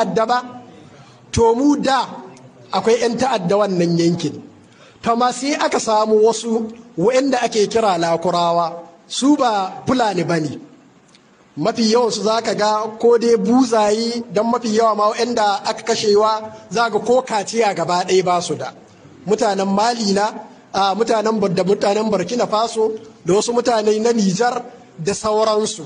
ta'adda ba to mu da akwai 'yan ta'adda wannan yankin to ma sai aka samu wasu wa'anda ake kira lakurawa su ba fulani ba ne mafi yawan su zaka ga ko dai buzayi don mafi yawa ma wa'anda aka kashewa za ga ko kaciya gaba ɗaya ba su da mutanen mali na a mutanen da mutanen burkina faso da wasu mutane na nijar da sauransu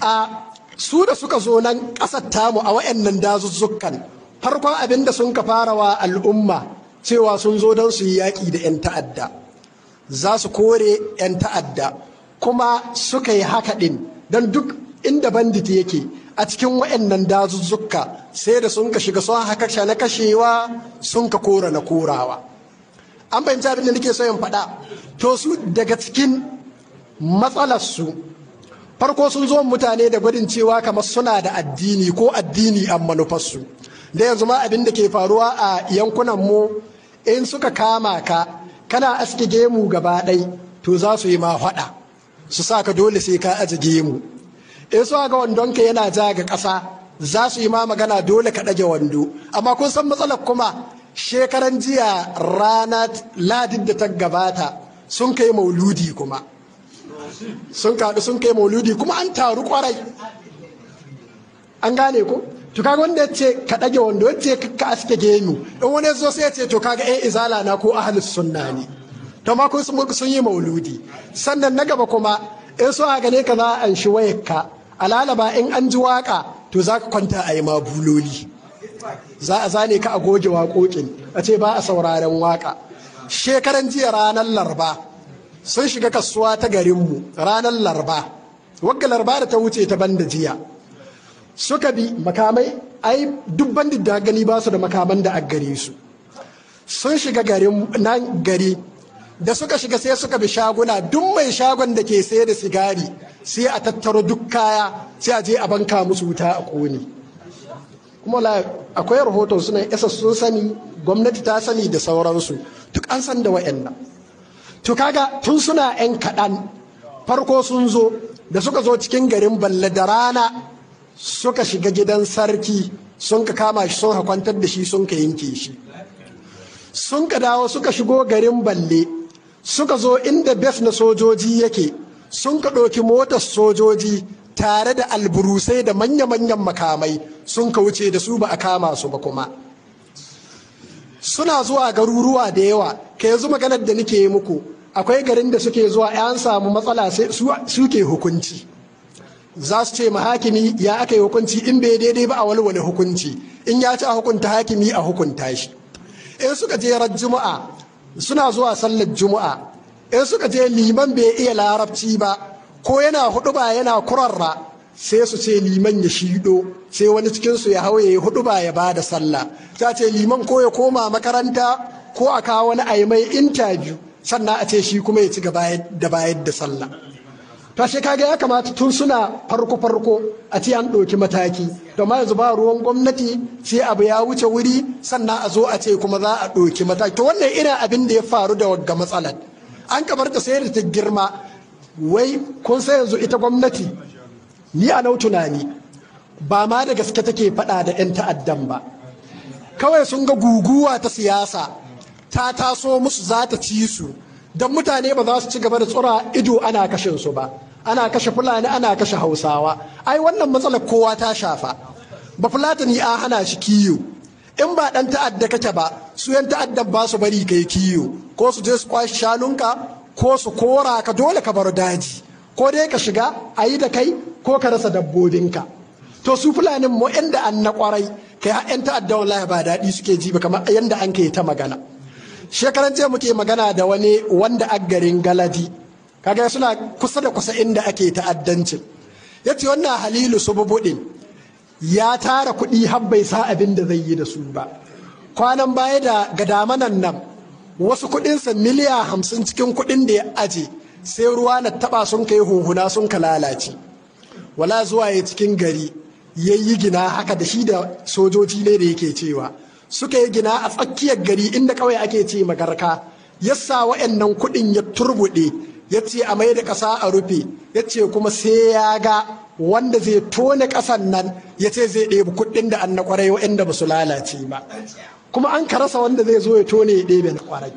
a su da suka zo nan ƙasar tamu a wa'annan dazuzzukan farkon abin da sun ka farawa al'umma cewa sun zo don su yi yaƙi da 'yan ta'adda za su kore 'yan ta'adda kuma suka yi haka ɗin don duk inda bandit yake a cikin wa'annan dazuzzuka sai da sun ka shiga sun haka na kashewa sun ka kora na korawa an fahimci abin da nake so in faɗa to su daga cikin matsalarsu farko sun zo mutane da gwadin cewa kamar suna da addini ko addini a manufarsu da yanzu ma abin da ke faruwa a yankunan mu in suka kama ka kana aske gemu gaba ɗai to za su yi ma faɗa su sa ka dole sai ka aji gemu in su ga ka yana ja ga ƙasa za su yi ma magana dole ka ɗage wando amma kun san matsalar kuma shekaran jiya rana ladin da ta gabata sun kai mauludi kuma sun kaɗu sun kai mauludi kuma an taru kwarai an gane ko to kaga wanda yace ka dage wanda yace ka aske gemu in wani zo sai yace to kaga eh izala na ko ahlus sunna ne to ma kun sun yi mauludi sannan na gaba kuma in so a gane ka za an shi wayarka alalaba in an ji waƙa to za ka kwanta a yi ma za a zane ka a goge waƙoƙin a ce ba a sauraren waka shekaran jiya ranar larba sun shiga kasuwa ta garinmu ranar larba wagga larba da ta wuce ta banda jiya suka bi makamai ai duk bandin da gani ba su da makaman da gare su sun shiga garin nan gari da suka shiga sai suka bi shaguna duk mai shagon da ke sayar da sigari sai a tattaro duk kaya sai a je a banka musu wuta a kone kuma akwai rahoton suna isa sun sani gwamnati ta sani da sauransu duk an san da wa'annan to kaga tun suna 'yan kaɗan farko sun zo da suka zo cikin garin balle da rana suka shiga gidan sarki sun ka kama shi sun kwantar da shi sun ka yanke shi sun ka dawo suka shigo garin balle suka zo inda bes na sojoji yake sun ka ɗauki motar sojoji tare da alburusai da manya-manyan makamai sun ka wuce da su ba a kama su ba kuma suna zuwa garuruwa da yawa ka yanzu maganar da nake yi muku akwai garin da suke zuwa an samu matsala sai suke hukunci za su ce hakimi, ya aka yi hukunci in bai daidai ba a walwale hukunci in ya ci a hukunta hakimi a hukunta shi in suka je ran juma'a suna zuwa sallar juma'a in suka je liman bai iya larabci ba ko yana hudu ba yana kurarra sai su ce liman ya shido sai wani cikinsu ya hau ya yi hudu ba ya bada sallah ta ce liman ko ya koma makaranta ko a kawo wani a mai intabiyu sannan a ce shi kuma ya ci gaba da bayar da sallah ta ce kaga ya kamata tun suna farko farko a ce an ɗauki mataki to ma yanzu ba ruwan gwamnati sai abu ya wuce wuri sannan a zo a ce kuma za a ɗauki mataki to wannan irin abin da ya faru da ga matsalar an kamar ta sai da ta girma wai kun sai yanzu ita gwamnati ni a nau tunani ba ma da gaske take faɗa da 'yan ta'addan ba kawai sun ga guguwa ta siyasa ta taso musu za ta ci su don mutane ba za su ci gaba da tsura ido ana kashin su ba ana kashe fulani ana kashe hausawa ai wannan matsalar kowa ta shafa ba fulatani a hana shi kiyo in ba ɗan ta'adda kake ba su yan ta'addan ba su bari kai kiyo ko su je su kwashi shanunka ko su kora ka dole ka bar daji ko dai ka shiga a yi da kai ko ka rasa dabbobinka to su fulanin mu inda an na kwarai kai har yan ta'adda wallahi ba daɗi suke ji ba kamar yanda an kai ta magana shekaran jiya muke magana da wani wanda a garin galadi kaga suna kusa da kusa inda ake ta'addanci ya ce wannan halilu bubuɗin ya tara kuɗi har bai sa abin da zai yi da su ba kwanan baya da gadamanan nan wasu kuɗinsa miliya hamsin cikin kuɗin da ya aje sai ruwa na taɓa sun kai huhuna sun ka lalace wala zuwa ya cikin gari ya yi gina haka da shi da sojoji ne da yake cewa suka yi gina a tsakiyar gari inda kawai ake ce magarka ya sa wa'annan kuɗin ya turbuɗe ya ce a mai da ƙasa a rufe ya ce kuma sai ya ga wanda zai tone ƙasan nan ya ce zai ɗebi kuɗin da an na ƙwarai wa'anda ba su lalace ba kuma an ka rasa wanda zai zo ya tone ya ɗebe na ƙwarai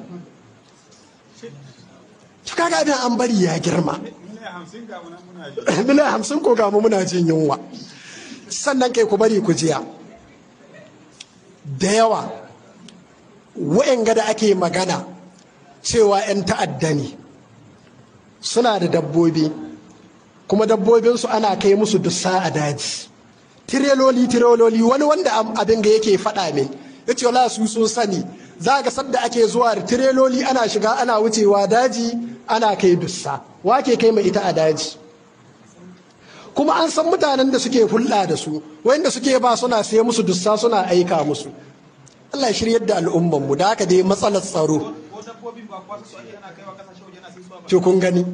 to kafin an bari ya girma miliyan hamsin ko gamu muna jin yunwa sannan kai ku bari ku jiya da yawa wa'yanga da ake magana cewa 'yan ta'adda ne suna da dabbobi kuma dabbobinsu ana kai musu dusa a daji tireloli tireloli wani wanda abin ga yake faɗa min ya ce wala su sun sani za ga sadda ake zuwa da tireloli ana shiga ana wucewa daji ana kai dussa wake kai mai ita a daji kuma an san mutanen da suke hulɗa da su wayanda suke ba suna sai musu dussa suna aika musu Allah ya shiryar da al'umman mu da haka dai matsalar tsaro to kun gani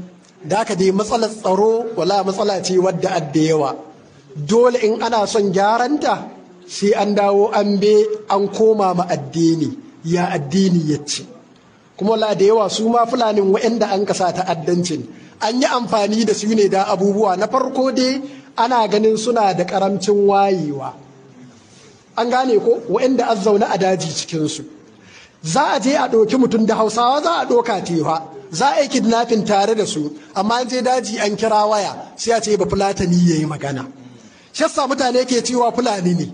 da haka dai matsalar tsaro wala matsala ce wadda adda yawa dole in ana son gyaranta sai an dawo an be an koma ma addini ya addini ya ce kuma la da yawa su ma fulanin wa'anda an kasa ta'addancin an yi amfani da su ne da abubuwa na farko dai ana ganin suna da karamcin wayewa an gane ko wa'anda an zaune a daji cikinsu za a je a ɗauki mutum da hausawa za a ɗauka tewa za a yi kidnapping tare da su amma an je daji an kira waya sai a ce ba fulatani ya yi magana shi mutane ke cewa fulani ne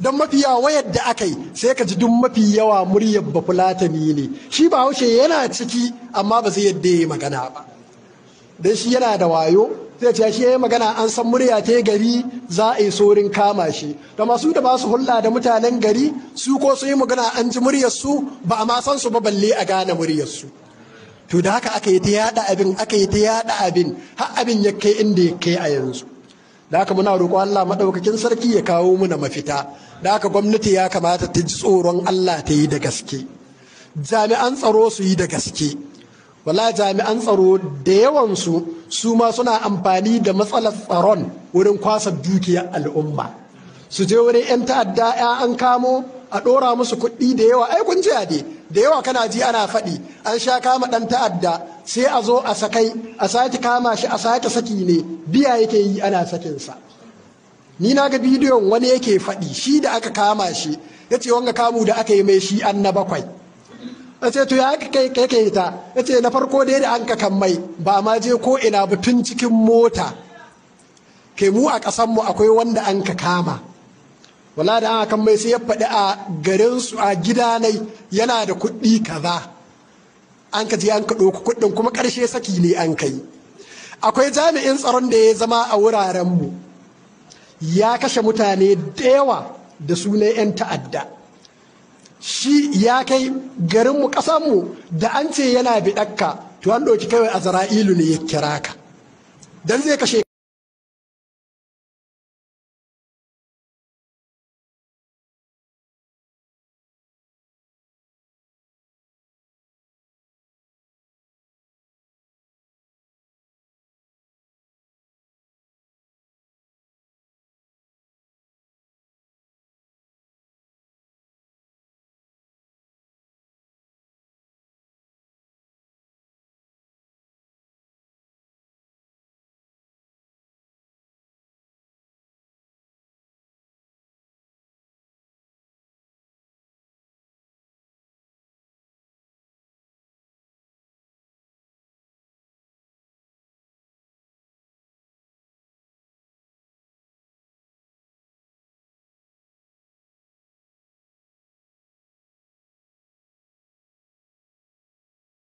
don mafi yawa wayar da aka yi sai ka ji duk mafi yawa muryar fulatani ne shi ba haushe yana ciki amma ba zai yadda ya yi magana ba don shi yana da wayo zai ce shi ya yi magana an san murya ta gari za a yi saurin kama shi da masu da ba su hulɗa da mutanen gari su ko su yi magana an ji muryar su ba a ma san su ba balle a gane muryar su to da haka aka yi ta yada abin aka yi ta yada abin har abin ya kai inda ya kai a yanzu da haka muna roƙo Allah madaukakin sarki ya kawo muna mafita da haka gwamnati ya kamata ta ji tsoron Allah ta yi da gaske jami'an tsaro su yi da gaske wala jami'an tsaro da yawansu su ma suna amfani da matsalar tsaron wurin kwasa dukiyar al'umma su je wurin 'yan ta'adda 'ya kamo a ɗora musu kuɗi da yawa ai kun jiya ne da yawa kana ji ana faɗi an sha kama ɗan ta'adda sai a zo a sakai a sake kama shi a sake saki ne biya yake yi ana sakinsa ni na ga bidiyon wani yake faɗi shi da aka kama shi ya ce wanga kamu da aka yi mai shi an na bakwai ya ce to ya kai kai kai ta ya ce na farko dai da an ka mai ba ma je ko ina ba tun cikin mota ke mu a ƙasan mu akwai wanda an ka kama wala da an kan mai sai ya faɗi a garin su a gidanai yana da kuɗi kaza an ka je an ka ɗauki kuɗin kuma ƙarshe saki ne an kai akwai jami'in tsaron da ya zama a wuraren mu ya kashe mutane dewa da sunan 'yan ta'adda shi ya kai garinmu ƙasanmu da an ce yana biɗakka to an ɗauki kawai a zara'ilu ne ya kira ka don zai kashe